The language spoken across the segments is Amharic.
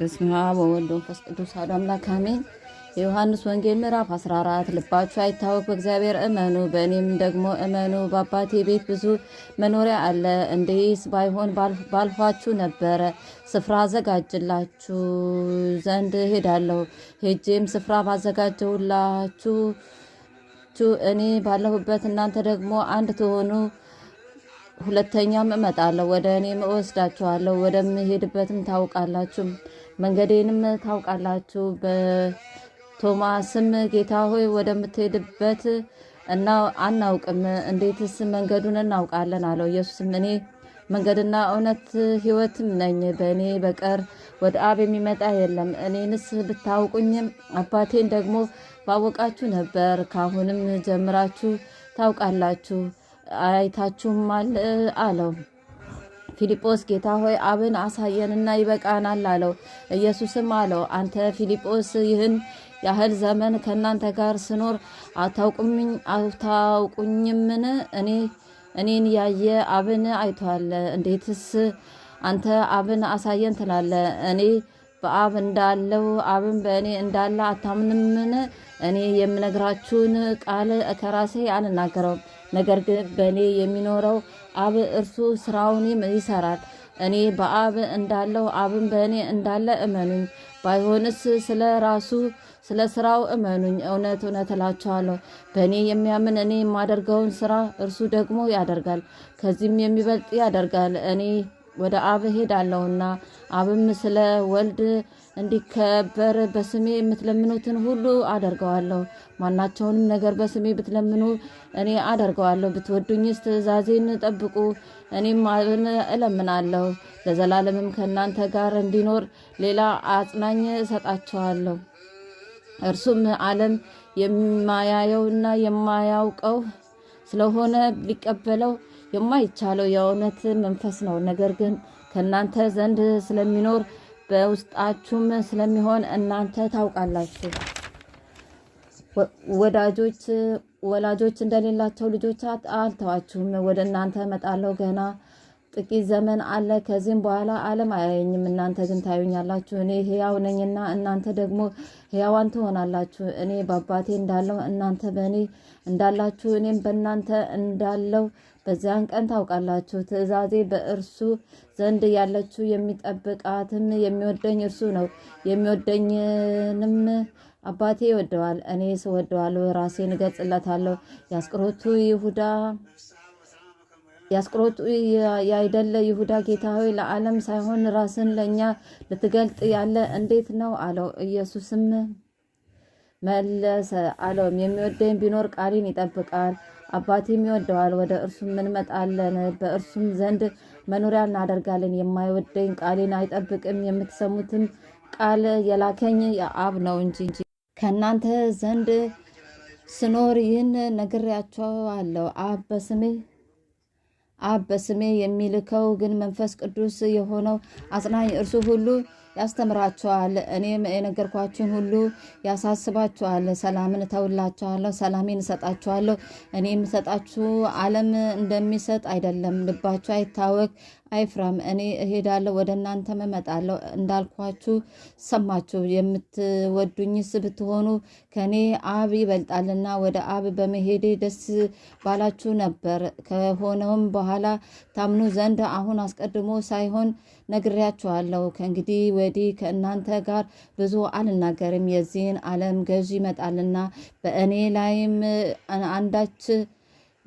በስመ አብ ወወልድ ወመንፈስ ቅዱስ አሐዱ አምላክ አሜን። የዮሐንስ ወንጌል ምዕራፍ 14 ልባችሁ አይታወክ፣ በእግዚአብሔር እመኑ፣ በእኔም ደግሞ እመኑ። በአባቴ ቤት ብዙ መኖሪያ አለ፤ እንዲህስ ባይሆን ባልኋችሁ ነበረ። ስፍራ አዘጋጅላችሁ ዘንድ ሄዳለሁ። ሄጄም ስፍራ ባዘጋጀሁላችሁ እኔ ባለሁበት እናንተ ደግሞ አንድ ትሆኑ ሁለተኛም እመጣለሁ፣ ወደ እኔም እወስዳችኋለሁ፣ ወደምሄድበትም ታውቃላችሁ፣ መንገዴንም ታውቃላችሁ። በቶማስም ጌታ ሆይ ወደምትሄድበት እና አናውቅም፣ እንዴትስ መንገዱን እናውቃለን አለው። ኢየሱስም እኔ መንገድና እውነት ሕይወትም ነኝ፣ በእኔ በቀር ወደ አብ የሚመጣ የለም። እኔንስ ብታውቁኝም አባቴን ደግሞ ባወቃችሁ ነበር፣ ካሁንም ጀምራችሁ ታውቃላችሁ። አይታችሁማል አለው። ፊልጶስ ጌታ ሆይ አብን አሳየንና ይበቃናል አለው። ኢየሱስም አለው አንተ ፊልጶስ ይህን ያህል ዘመን ከእናንተ ጋር ስኖር አታውቁኝምን? እኔ እኔን ያየ አብን አይቷል። እንዴትስ አንተ አብን አሳየን ትላለ እኔ በአብ እንዳለው አብን በእኔ እንዳለ አታምንምን? እኔ የምነግራችሁን ቃል ከራሴ አልናገረውም፣ ነገር ግን በእኔ የሚኖረው አብ እርሱ ስራውን ይሰራል። እኔ በአብ እንዳለው አብን በእኔ እንዳለ እመኑኝ። ባይሆንስ ስለ ራሱ ስለ ስራው እመኑኝ። እውነት እውነት እላችኋለሁ በእኔ የሚያምን እኔ የማደርገውን ስራ እርሱ ደግሞ ያደርጋል፣ ከዚህም የሚበልጥ ያደርጋል። እኔ ወደ አብ እሄዳለሁና አብም ስለ ወልድ እንዲከበር በስሜ የምትለምኑትን ሁሉ አደርገዋለሁ። ማናቸውንም ነገር በስሜ ብትለምኑ እኔ አደርገዋለሁ። ብትወዱኝስ ትእዛዜን ጠብቁ። እኔም አብን እለምናለሁ፣ ለዘላለምም ከእናንተ ጋር እንዲኖር ሌላ አጽናኝ እሰጣችኋለሁ። እርሱም ዓለም የማያየውና የማያውቀው ስለሆነ ሊቀበለው የማይቻለው የእውነት መንፈስ ነው። ነገር ግን ከእናንተ ዘንድ ስለሚኖር በውስጣችሁም ስለሚሆን እናንተ ታውቃላችሁ። ወዳጆች ወላጆች እንደሌላቸው ልጆች አልተዋችሁም። ወደ እናንተ እመጣለሁ፣ ገና ጥቂት ዘመን አለ፣ ከዚህም በኋላ ዓለም አያየኝም፣ እናንተ ግን ታዩኛላችሁ። እኔ ሕያው ነኝና እናንተ ደግሞ ሕያዋን ትሆናላችሁ። እኔ በአባቴ እንዳለው እናንተ በእኔ እንዳላችሁ እኔም በእናንተ እንዳለው በዚያን ቀን ታውቃላችሁ። ትእዛዜ በእርሱ ዘንድ ያለችው የሚጠብቃትም የሚወደኝ እርሱ ነው። የሚወደኝንም አባቴ ይወደዋል፣ እኔ ስወደዋለሁ ራሴን እገጽለታለሁ። የአስቆሮቱ ይሁዳ የአስቆሮቱ ያይደለ ይሁዳ ጌታ ሆይ ለዓለም ሳይሆን ራስን ለእኛ ልትገልጥ ያለ እንዴት ነው አለው። ኢየሱስም መለሰ አለውም የሚወደኝ ቢኖር ቃሌን ይጠብቃል አባቴም ይወደዋል፣ ወደ እርሱም እንመጣለን፣ በእርሱም ዘንድ መኖሪያ እናደርጋለን። የማይወደኝ ቃሌን አይጠብቅም። የምትሰሙትም ቃል የላከኝ የአብ ነው እንጂ ከእናንተ ዘንድ ስኖር ይህን ነግሬያቸዋለሁ። አብ በስሜ አብ በስሜ የሚልከው ግን መንፈስ ቅዱስ የሆነው አጽናኝ እርሱ ሁሉ ያስተምራችኋል። እኔም የነገርኳችሁን ሁሉ ያሳስባችኋል። ሰላምን እተውላችኋለሁ፣ ሰላሜን እሰጣችኋለሁ። እኔ የምሰጣችሁ ዓለም እንደሚሰጥ አይደለም። ልባችሁ አይታወክ፣ አይፍራም። እኔ እሄዳለሁ፣ ወደ እናንተም እመጣለሁ እንዳልኳችሁ ሰማችሁ። የምትወዱኝስ ብትሆኑ ከእኔ አብ ይበልጣልና ወደ አብ በመሄዴ ደስ ባላችሁ ነበር። ከሆነውም በኋላ ታምኑ ዘንድ አሁን አስቀድሞ ሳይሆን ነግሬያችኋለሁ። ከእንግዲህ ወዲህ ከእናንተ ጋር ብዙ አልናገርም። የዚህን ዓለም ገዥ ይመጣልና በእኔ ላይም አንዳች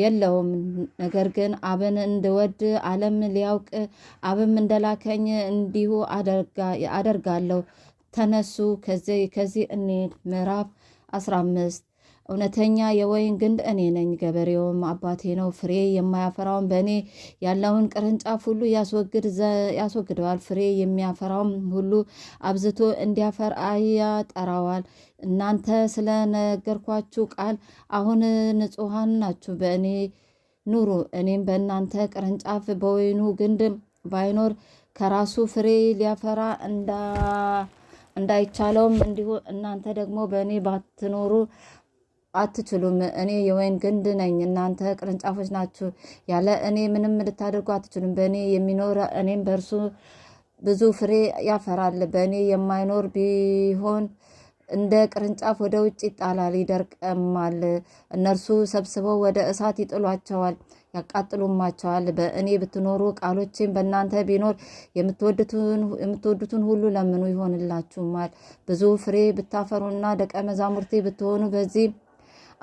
የለውም። ነገር ግን አብን እንድወድ ዓለም ሊያውቅ አብም እንደላከኝ እንዲሁ አደርጋለሁ። ተነሱ፣ ከዚህ እንሂድ። ምዕራፍ 15 እውነተኛ የወይን ግንድ እኔ ነኝ፣ ገበሬውም አባቴ ነው። ፍሬ የማያፈራውን በእኔ ያለውን ቅርንጫፍ ሁሉ ያስወግደዋል፣ ፍሬ የሚያፈራውም ሁሉ አብዝቶ እንዲያፈር ያጠራዋል። እናንተ ስለነገርኳችሁ ቃል አሁን ንጹሐን ናችሁ። በእኔ ኑሩ፣ እኔም በእናንተ ቅርንጫፍ በወይኑ ግንድ ባይኖር ከራሱ ፍሬ ሊያፈራ እንዳይቻለውም እንዲሁ እናንተ ደግሞ በእኔ ባትኖሩ አትችሉም። እኔ የወይን ግንድ ነኝ፣ እናንተ ቅርንጫፎች ናችሁ። ያለ እኔ ምንም ልታደርጉ አትችሉም። በእኔ የሚኖር እኔም በእርሱ ብዙ ፍሬ ያፈራል። በእኔ የማይኖር ቢሆን እንደ ቅርንጫፍ ወደ ውጭ ይጣላል፣ ይደርቅማል። እነርሱ ሰብስበው ወደ እሳት ይጥሏቸዋል፣ ያቃጥሉማቸዋል። በእኔ ብትኖሩ ቃሎቼም በእናንተ ቢኖር የምትወዱትን ሁሉ ለምኑ ይሆንላችሁማል። ብዙ ፍሬ ብታፈሩና ደቀ መዛሙርቴ ብትሆኑ በዚህ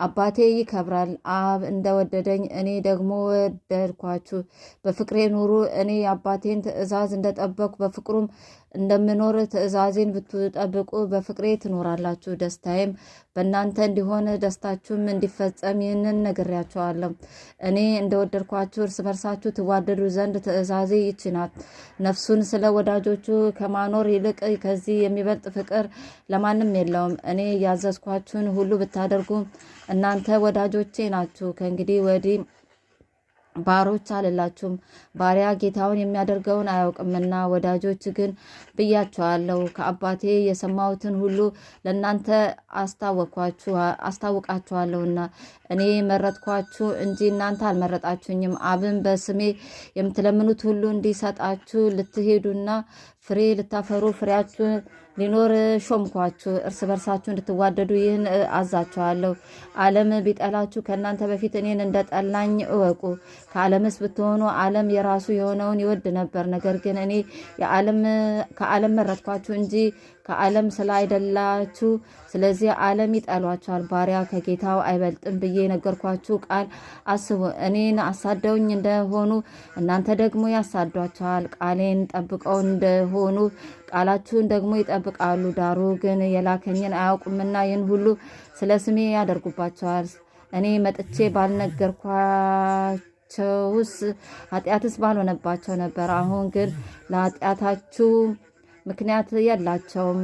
አባቴ ይከብራል። አብ እንደወደደኝ እኔ ደግሞ ወደድኳችሁ። በፍቅሬ ኑሩ። እኔ የአባቴን ትእዛዝ እንደጠበቅኩ በፍቅሩም እንደምኖር ትእዛዜን ብትጠብቁ በፍቅሬ ትኖራላችሁ፣ ደስታዬም በእናንተ እንዲሆን ደስታችሁም እንዲፈጸም ይህንን ነግሬያችኋለሁ። እኔ እንደወደድኳችሁ እርስ በርሳችሁ ትዋደዱ ዘንድ ትእዛዜ ይችናት። ናት። ነፍሱን ስለ ወዳጆቹ ከማኖር ይልቅ ከዚህ የሚበልጥ ፍቅር ለማንም የለውም። እኔ ያዘዝኳችሁን ሁሉ ብታደርጉ እናንተ ወዳጆቼ ናችሁ። ከእንግዲህ ወዲህ ባሮች አልላችሁም፣ ባሪያ ጌታውን የሚያደርገውን አያውቅምና። ወዳጆች ግን ብያችኋለሁ፣ ከአባቴ የሰማሁትን ሁሉ ለእናንተ አስታውቃችኋለሁና። እኔ መረጥኳችሁ እንጂ እናንተ አልመረጣችሁኝም፣ አብን በስሜ የምትለምኑት ሁሉ እንዲሰጣችሁ ልትሄዱና ፍሬ ልታፈሩ ፍሬያችሁ ሊኖር ሾምኳችሁ፣ እርስ በርሳችሁ እንድትዋደዱ ይህን አዛችኋለሁ። ዓለም ቢጠላችሁ ከእናንተ በፊት እኔን እንደጠላኝ እወቁ። ከዓለምስ ብትሆኑ ዓለም የራሱ የሆነውን ይወድ ነበር። ነገር ግን እኔ ከዓለም መረጥኳችሁ እንጂ ከዓለም ስለ አይደላችሁ፣ ስለዚህ ዓለም ይጠሏችኋል። ባሪያ ከጌታው አይበልጥም ብዬ የነገርኳችሁ ቃል አስቡ። እኔን አሳደውኝ እንደሆኑ እናንተ ደግሞ ያሳዷችኋል። ቃሌን ጠብቀው እንደሆኑ ቃላችሁን ደግሞ ይጠብቃሉ። ዳሩ ግን የላከኝን አያውቁምና ይህን ሁሉ ስለ ስሜ ያደርጉባቸዋል። እኔ መጥቼ ባልነገርኳቸውስ ኃጢአትስ ባልሆነባቸው ነበር። አሁን ግን ለኃጢአታችሁ ምክንያት የላቸውም።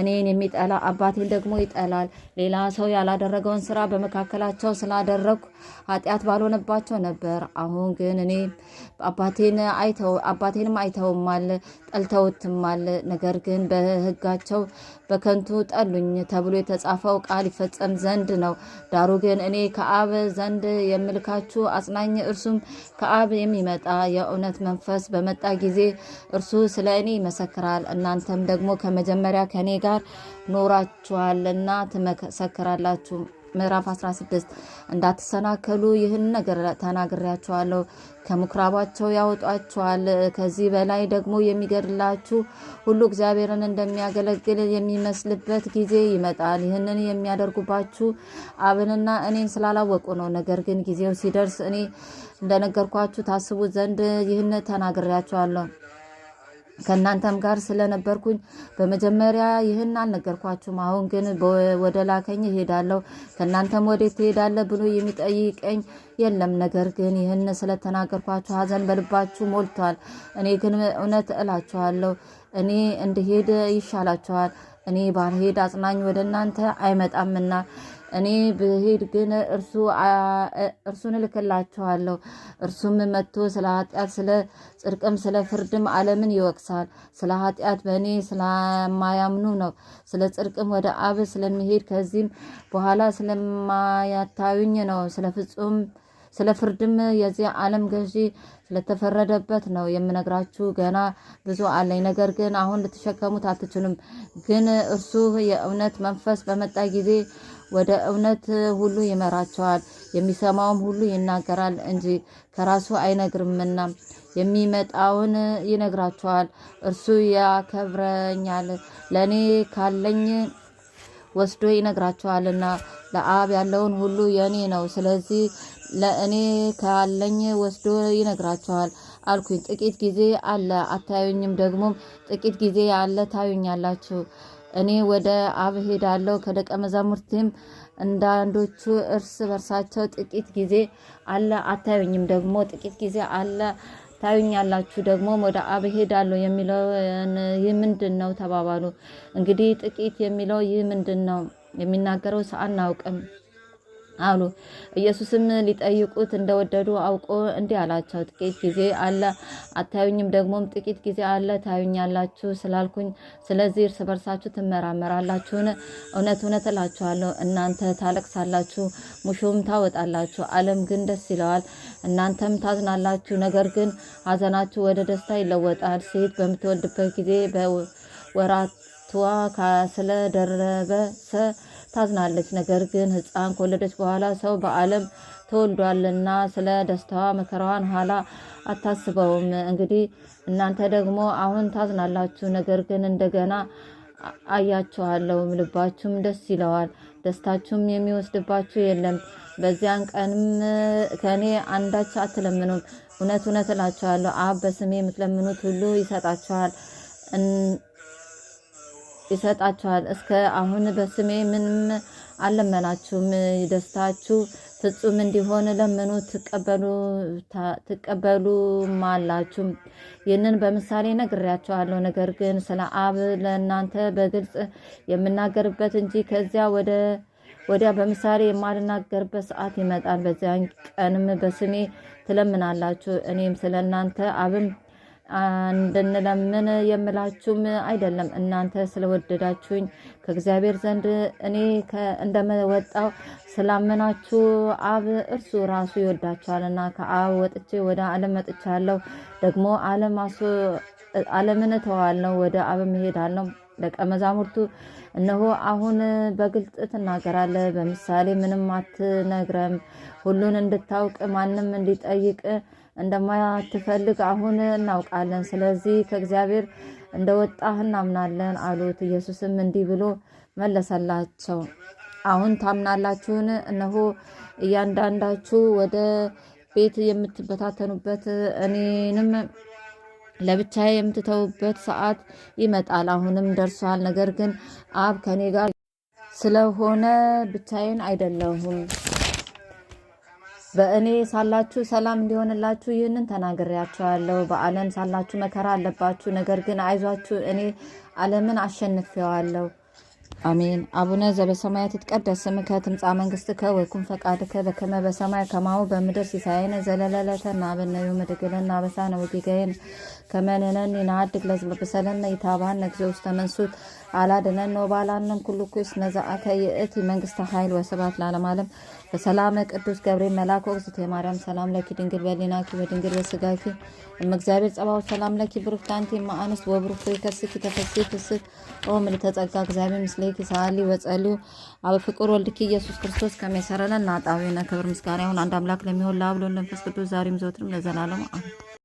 እኔን የሚጠላ አባቴን ደግሞ ይጠላል። ሌላ ሰው ያላደረገውን ስራ በመካከላቸው ስላደረግኩ ኃጢአት ባልሆነባቸው ነበር። አሁን ግን እኔ አባቴንም አይተውማል፣ ጠልተውትማል። ነገር ግን በሕጋቸው በከንቱ ጠሉኝ ተብሎ የተጻፈው ቃል ይፈጸም ዘንድ ነው። ዳሩ ግን እኔ ከአብ ዘንድ የምልካችሁ አጽናኝ፣ እርሱም ከአብ የሚመጣ የእውነት መንፈስ በመጣ ጊዜ እርሱ ስለ እኔ ይመሰክራል። እናንተም ደግሞ ከመጀመሪያ ከኔ ጋር ኖራችኋልና ትመሰክራላችሁ። ምዕራፍ 16 እንዳትሰናከሉ ይህን ነገር ተናግሬያችኋለሁ። ከምኩራባቸው ያወጧችኋል። ከዚህ በላይ ደግሞ የሚገድላችሁ ሁሉ እግዚአብሔርን እንደሚያገለግል የሚመስልበት ጊዜ ይመጣል። ይህንን የሚያደርጉባችሁ አብንና እኔን ስላላወቁ ነው። ነገር ግን ጊዜው ሲደርስ እኔ እንደነገርኳችሁ ታስቡ ዘንድ ይህን ተናግሬያችኋለሁ። ከእናንተም ጋር ስለነበርኩኝ በመጀመሪያ ይህን አልነገርኳችሁም። አሁን ግን ወደ ላከኝ እሄዳለሁ፣ ከእናንተም ወዴት ትሄዳለህ ብሎ የሚጠይቀኝ የለም። ነገር ግን ይህን ስለተናገርኳችሁ ሐዘን በልባችሁ ሞልቷል። እኔ ግን እውነት እላችኋለሁ እኔ እንድሄድ ይሻላችኋል። እኔ ባልሄድ አጽናኝ ወደ እናንተ አይመጣምና እኔ ብሄድ ግን እርሱን እልክላችኋለሁ። እርሱም መጥቶ ስለ ኃጢአት፣ ስለ ጽድቅም፣ ስለ ፍርድም ዓለምን ይወቅሳል። ስለ ኃጢአት በእኔ ስለማያምኑ ነው። ስለ ጽድቅም ወደ አብ ስለሚሄድ ከዚህም በኋላ ስለማያታዩኝ ነው። ስለ ፍጹም ስለ ፍርድም የዚህ ዓለም ገዢ ስለተፈረደበት ነው የምነግራችሁ። ገና ብዙ አለኝ፣ ነገር ግን አሁን ልትሸከሙት አትችሉም። ግን እርሱ የእውነት መንፈስ በመጣ ጊዜ ወደ እውነት ሁሉ ይመራቸዋል። የሚሰማውም ሁሉ ይናገራል እንጂ ከራሱ አይነግርምና የሚመጣውን ይነግራቸዋል። እርሱ ያከብረኛል፣ ለእኔ ካለኝ ወስዶ ይነግራቸዋልና ለአብ ያለውን ሁሉ የእኔ ነው። ስለዚህ ለእኔ ካለኝ ወስዶ ይነግራቸዋል አልኩኝ። ጥቂት ጊዜ አለ አታዩኝም፣ ደግሞም ጥቂት ጊዜ ያለ ታዩኛላችሁ እኔ ወደ አብ ሄዳለሁ። ከደቀ መዛሙርቴም እንዳንዶቹ እርስ በርሳቸው ጥቂት ጊዜ አለ አታዩኝም፣ ደግሞ ጥቂት ጊዜ አለ ታዩኛላችሁ፣ ደግሞ ወደ አብ ሄዳለሁ የሚለው ይህ ምንድን ነው ተባባሉ። እንግዲህ ጥቂት የሚለው ይህ ምንድን ነው የሚናገረው አናውቅም። አሉ። ኢየሱስም ሊጠይቁት እንደወደዱ አውቆ እንዲህ አላቸው፣ ጥቂት ጊዜ አለ አታዩኝም፣ ደግሞም ጥቂት ጊዜ አለ ታዩኛላችሁ ስላልኩኝ፣ ስለዚህ እርስ በርሳችሁ ትመራመራላችሁን? እውነት እውነት እላችኋለሁ፣ እናንተ ታለቅሳላችሁ፣ ሙሾም ታወጣላችሁ፣ ዓለም ግን ደስ ይለዋል። እናንተም ታዝናላችሁ፣ ነገር ግን ሐዘናችሁ ወደ ደስታ ይለወጣል። ሴት በምትወልድበት ጊዜ በወራቷ ስለደረበሰ ታዝናለች። ነገር ግን ሕፃን ከወለደች በኋላ ሰው በዓለም ተወልዷልና ስለ ደስታዋ መከራዋን ኋላ አታስበውም። እንግዲህ እናንተ ደግሞ አሁን ታዝናላችሁ፣ ነገር ግን እንደገና አያችኋለሁ፣ ልባችሁም ደስ ይለዋል፣ ደስታችሁም የሚወስድባችሁ የለም። በዚያን ቀንም ከእኔ አንዳች አትለምኑም። እውነት እውነት እላችኋለሁ አብ በስሜ የምትለምኑት ሁሉ ይሰጣችኋል። ይሰጣችኋል። እስከ አሁን በስሜ ምንም አልለመናችሁም። ደስታችሁ ፍጹም እንዲሆን ለምኑ ትቀበሉማላችሁ። ይህንን በምሳሌ ነግሬያችኋለሁ። ነገር ግን ስለ አብ ለእናንተ በግልጽ የምናገርበት እንጂ ከዚያ ወደ ወዲያ በምሳሌ የማልናገርበት ሰዓት ይመጣል። በዚያን ቀንም በስሜ ትለምናላችሁ። እኔም ስለ እናንተ አብም እንድንለምን የምላችሁም አይደለም። እናንተ ስለወደዳችሁኝ ከእግዚአብሔር ዘንድ እኔ እንደመወጣው ስላመናችሁ አብ እርሱ ራሱ ይወዳችኋልና ከአብ ወጥቼ ወደ ዓለም መጥቻለሁ። ደግሞ ዓለምን እተዋለሁ፣ ወደ አብ እሄዳለሁ። ደቀ መዛሙርቱ እነሆ አሁን በግልጽ ትናገራለህ፣ በምሳሌ ምንም አትነግረም። ሁሉን እንድታውቅ ማንም እንዲጠይቅ እንደማትፈልግ አሁን እናውቃለን። ስለዚህ ከእግዚአብሔር እንደወጣህ እናምናለን አሉት። ኢየሱስም እንዲህ ብሎ መለሰላቸው፣ አሁን ታምናላችሁን? እነሆ እያንዳንዳችሁ ወደ ቤት የምትበታተኑበት እኔንም ለብቻ የምትተውበት ሰዓት ይመጣል፣ አሁንም ደርሷል። ነገር ግን አብ ከኔ ጋር ስለሆነ ብቻዬን አይደለሁም። በእኔ ሳላችሁ ሰላም እንዲሆንላችሁ ይህንን ተናግሬያቸዋለሁ። በዓለም ሳላችሁ መከራ አለባችሁ፣ ነገር ግን አይዟችሁ እኔ ዓለምን አሸንፌዋለሁ። አሜን። አቡነ ዘበሰማያት ይትቀደስ ስምከ ትምጻእ መንግስትከ ወይኩን ፈቃድከ በከመ በሰማይ ከማሁ በምድር ሲሳየነ ዘለለዕለትነ ሀበነ ዮም ወኅድግ ለነ አበሳነ ወጌጋየነ ከመንነኒ ንዓድግ ለዝብብሰለና ይታባሃነ እግዚኦውስተ መንሱት አላድነን ወባላነን ኩሉ ኩስ ነዛአከ የእቲ መንግስተ ኃይል ወስብሐት ለዓለመ ዓለም። በሰላም ቅዱስ ገብርኤል መልአክ ወእግዝእት የማርያም ሰላም ለኪ ድንግል በሊናኪ ወድንግል በስጋኪ እም እግዚአብሔር ጸባኦት ሰላም ለኪ ብሩክት አንቲ እም ወብሩክ ፍሬ ከስኪ ተፈሥሒ ፍስሕ ኦ ምልዕተ ጸጋ እግዚአብሔር ምስሌኪ ሰአሊ ወጸልዩ አብ ፍቁር ወልድኪ ኢየሱስ ክርስቶስ ከመ ይሠረይ ለነ ኃጣውኢነ ክብር ምስጋና ይሁን አንድ አምላክ ለሚሆን ለአብ ለወልድ ለመንፈስ ቅዱስ ዛሬም ዘወትርም ለዘላለሙ አሜን።